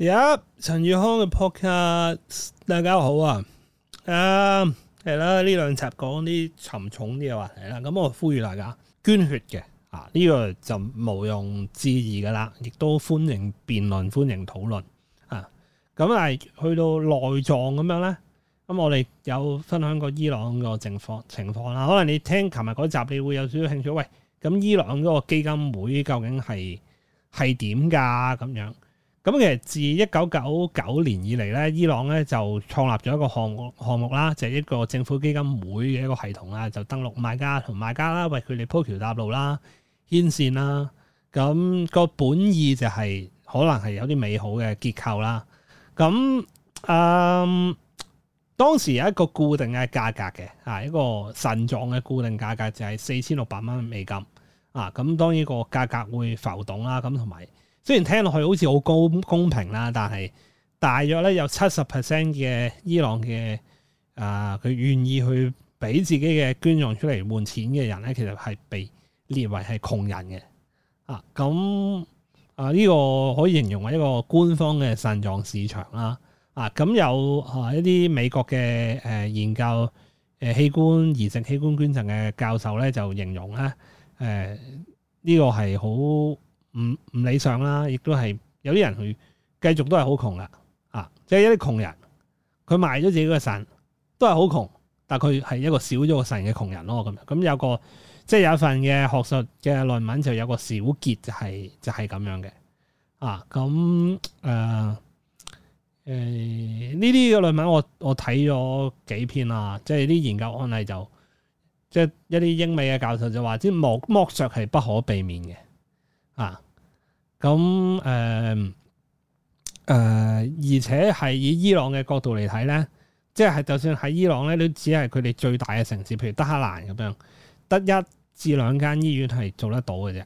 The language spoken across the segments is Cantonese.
而、yeah, 陳陳宇康嘅 podcast 大家好啊！誒、uh，係啦，呢兩集講啲沉重啲嘅話題啦。咁我呼籲大家捐血嘅，啊，呢個就毋庸置疑噶啦。亦都歡迎辯論，歡迎討論啊。咁係，去到內臟咁樣咧，咁我哋有分享過伊朗個情況情況啦。可能你聽琴日嗰集，你會有少少興趣。喂，咁伊朗嗰個基金會究竟係係點噶？咁樣，樣？咁其實自一九九九年以嚟咧，伊朗咧就創立咗一個項目啦，就係、一個政府基金會嘅一個系統啦，就登錄買家同賣家啦，為佢哋鋪橋搭路啦、牽線啦。咁、個本意就係、是、可能係有啲美好嘅結構啦。咁嗯，當時有一個固定嘅價格嘅，一個腎臟嘅固定價格就係四千六百蚊美金。啊，咁當然個價格會浮動啦，咁同埋。雖然聽落去好似好高公平啦，但係大約咧有七十 percent 嘅伊朗嘅啊，佢願意去俾自己嘅捐臟出嚟換錢嘅人咧，其實係被列為係窮人嘅啊。咁啊呢、呢個可以形容為一個官方嘅腎臟市場啦。啊咁、啊、有啊一啲美國嘅誒研究誒器官移植器官捐贈嘅教授咧，就形容咧誒呢個係好。唔唔理想啦，亦都係有啲人佢繼續都係好窮啦，啊！即、就、係、是、一啲窮人，佢賣咗自己嘅腎，都係好窮，但佢係一個少咗個腎嘅窮人咯。咁、啊、咁有個即係、就是、有一份嘅學術嘅論文就有個小結就係、是、就係、是、咁樣嘅啊！咁誒誒呢啲嘅論文我我睇咗幾篇啦，即係啲研究案例就即係、就是、一啲英美嘅教授就話即係剝剝削係不可避免嘅啊！咁誒、呃呃、而且係以伊朗嘅角度嚟睇咧，即係就算喺伊朗咧，都只係佢哋最大嘅城市，譬如德黑蘭咁樣，得一至兩間醫院係做得到嘅啫。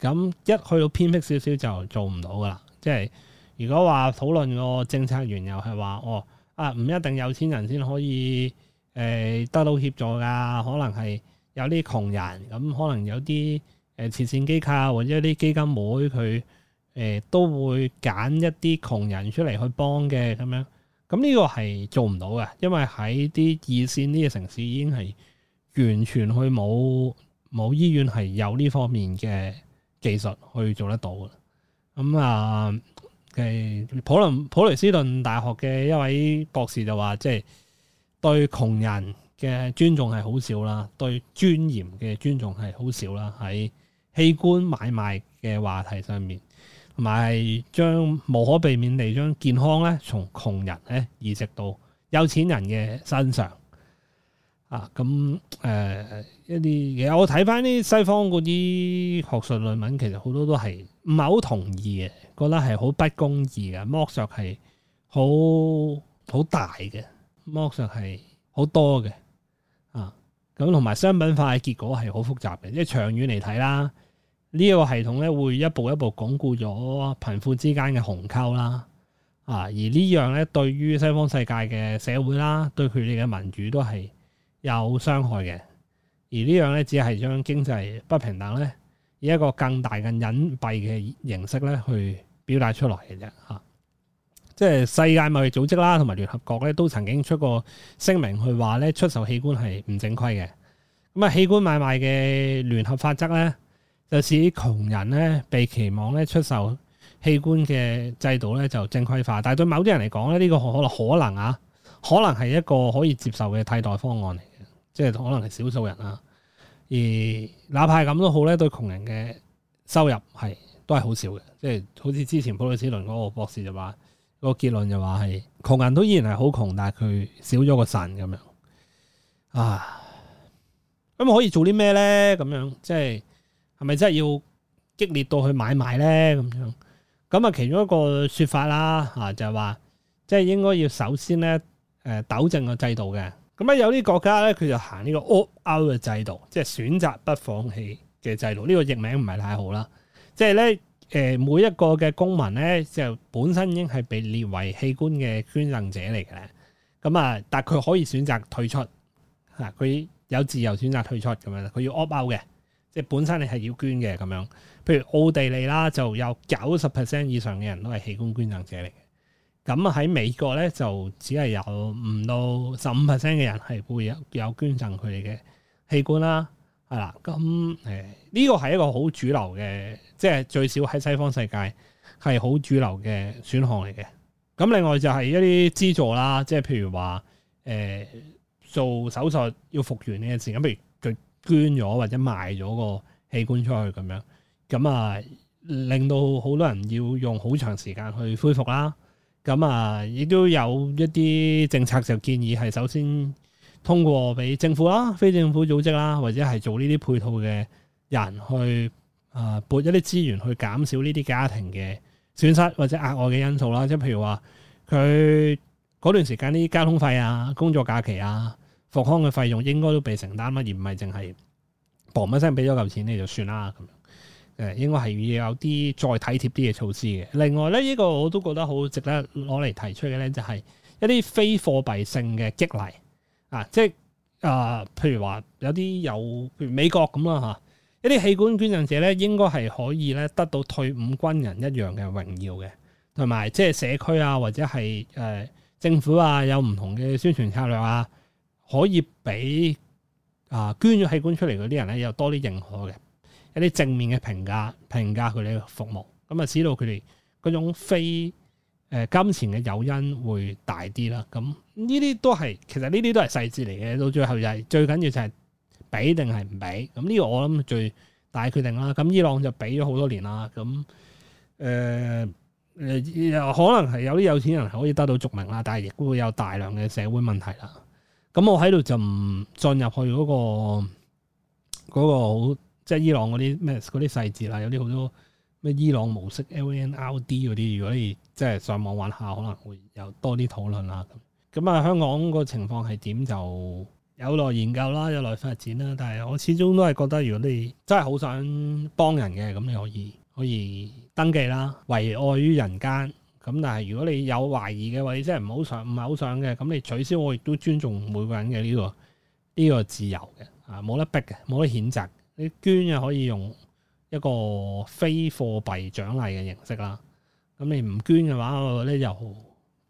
咁一去到偏僻少少就做唔到噶啦。即係如果話討論個政策員又係話，哦啊唔一定有錢人先可以、呃、得到協助噶，可能係有啲窮人，咁可能有啲慈善機構或者啲基金會佢。誒、呃、都會揀一啲窮人出嚟去幫嘅咁樣，咁呢、這個係做唔到嘅，因為喺啲二線呢個城市已經係完全去冇冇醫院係有呢方面嘅技術去做得到嘅。咁、嗯、啊，嘅、呃、普林普雷斯頓大學嘅一位博士就話，即、就、係、是、對窮人嘅尊重係好少啦，對尊嚴嘅尊重係好少啦，喺器官買賣嘅話題上面。同埋將無可避免地將健康咧，從窮人咧，移植到有錢人嘅身上。啊，咁誒、呃、一啲嘅，我睇返啲西方嗰啲學術論文，其實好多都係唔係好同意嘅，覺得係好不公義嘅，剝削係好好大嘅，剝削係好多嘅。啊，咁同埋商品化嘅結果係好複雜嘅，即係長遠嚟睇啦。呢個系統咧會一步一步鞏固咗貧富之間嘅鴻溝啦，啊！而呢樣咧對於西方世界嘅社會啦，對佢哋嘅民主都係有傷害嘅。而呢樣咧只係將經濟不平等咧以一個更大嘅隱蔽嘅形式咧去表達出嚟嘅啫，嚇！即係世界貿易組織啦，同埋聯合國咧都曾經出過聲明去話咧出售器官係唔正規嘅。咁啊，器官買賣嘅聯合法則咧。就使啲窮人咧被期望咧出售器官嘅制度咧就正規化，但係對某啲人嚟講咧呢個可可能可能啊，可能係一個可以接受嘅替代方案嚟嘅，即係可能係少數人啊。而哪怕係咁都好咧，對窮人嘅收入係都係、就是、好少嘅，即係好似之前普里斯倫嗰個博士就話，個結論就話係窮人都依然係好窮，但係佢少咗個腎咁樣啊。咁可以做啲咩咧？咁樣即係。係咪真係要激烈到去買賣咧咁樣？咁啊，其中一個說法啦，啊就係話，即係應該要首先咧，誒糾正個制度嘅。咁啊，有啲國家咧，佢就行呢個 opt-out 嘅制度，即係選擇不放棄嘅制度。呢個譯名唔係太好啦。即係咧，誒每一個嘅公民咧就本身已經係被列為器官嘅捐贈者嚟嘅。咁啊，但佢可以選擇退出，吓佢有自由選擇退出咁樣，佢要 opt-out 嘅。即係本身你係要捐嘅咁樣，譬如奧地利啦，就有九十 percent 以上嘅人都係器官捐贈者嚟嘅。咁喺美國咧，就只係有唔到十五 percent 嘅人係會有有捐贈佢哋嘅器官啦。係啦，咁誒呢個係一個好主流嘅，即係最少喺西方世界係好主流嘅選項嚟嘅。咁另外就係一啲資助啦，即係譬如話誒、呃、做手術要復原呢一件事，咁譬如，捐咗或者賣咗個器官出去咁樣，咁啊令到好多人要用好長時間去恢復啦。咁啊，亦都有一啲政策就建議係首先通過畀政府啦、非政府組織啦，或者係做呢啲配套嘅人去啊撥一啲資源去減少呢啲家庭嘅損失或者額外嘅因素啦。即係譬如話，佢嗰段時間啲交通費啊、工作假期啊。復康嘅費用應該都被承擔嘛，而唔係淨係磅一聲俾咗嚿錢你就算啦咁樣。誒，應該係要有啲再體貼啲嘅措施嘅。另外咧，呢、這個我都覺得好值得攞嚟提出嘅咧，就係一啲非貨幣性嘅激勵啊，即係誒、呃，譬如話有啲有，譬如美國咁啦嚇，一啲器官捐贈者咧，應該係可以咧得到退伍軍人一樣嘅榮耀嘅，同埋即係社區啊或者係誒、呃、政府啊有唔同嘅宣傳策略啊。可以俾啊捐咗器官出嚟嗰啲人咧，有多啲認可嘅一啲正面嘅評價，評價佢哋嘅服務，咁啊，使到佢哋嗰種非誒、呃、金錢嘅誘因會大啲啦。咁呢啲都係其實，呢啲都係細節嚟嘅，到最後就係、是、最緊要就係俾定係唔俾。咁呢個我諗最大決定啦。咁伊朗就俾咗好多年啦。咁誒誒，可能係有啲有錢人係可以得到續命啦，但係亦都會有大量嘅社會問題啦。咁我喺度就唔進入去嗰個嗰個好即係伊朗嗰啲咩嗰啲細節啦，有啲好多咩伊朗模式 LNRD 嗰啲，如果你即係上網玩下，可能會有多啲討論啦。咁咁啊，香港個情況係點就有耐研究啦，有耐發展啦。但係我始終都係覺得，如果你真係好想幫人嘅，咁你可以可以登記啦，為愛於人間。咁但係如果你有懷疑嘅，或者真係唔好想，唔係好想嘅，咁你取消，我亦都尊重每個人嘅呢個呢個自由嘅，啊冇得逼嘅，冇得譴責。你捐嘅可以用一個非貨幣獎勵嘅形式啦。咁你唔捐嘅話，我覺得又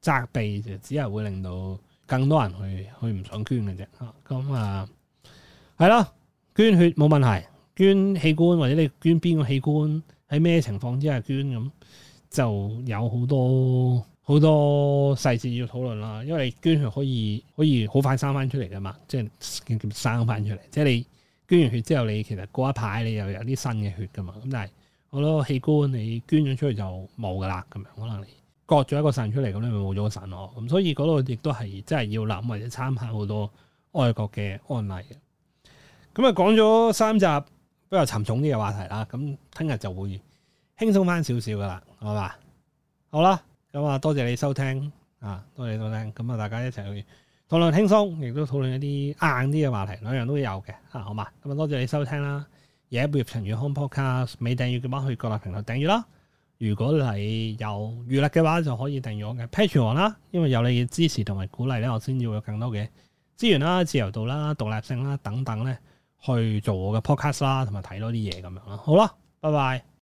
責備就只係會令到更多人去去唔想捐嘅啫。咁啊，係啦，捐血冇問題，捐器官或者你捐邊個器官，喺咩情況之下捐咁？就有好多好多細節要討論啦，因為你捐血可以可以好快生翻出嚟噶嘛，即係生翻出嚟。即係你捐完血之後，你其實過一排你又有啲新嘅血噶嘛。咁但係好多器官你捐咗出去就冇噶啦，咁樣可能你割咗一個腎出嚟，咁你咪冇咗個腎咯。咁所以嗰度亦都係真係要諗或者參考好多外國嘅案例嘅。咁啊，講咗三集比較沉重啲嘅話題啦，咁聽日就會輕鬆翻少少噶啦。好嘛？好啦，咁啊，多謝你收聽啊，多謝收聽，咁啊，大家一齊去討論輕鬆，亦都討論一啲硬啲嘅話題，兩樣都有嘅吓，好嘛？咁啊，多謝你收聽啦。野貝葉陳宇 home podcast，未訂閱嘅話去各大平台訂閱啦。如果你有餘力嘅話，就可以訂閱我嘅 Patreon 啦。因為有你嘅支持同埋鼓勵咧，我先要有更多嘅資源啦、自由度啦、獨立性啦等等咧，去做我嘅 podcast 啦，同埋睇多啲嘢咁樣啦。好啦，拜拜。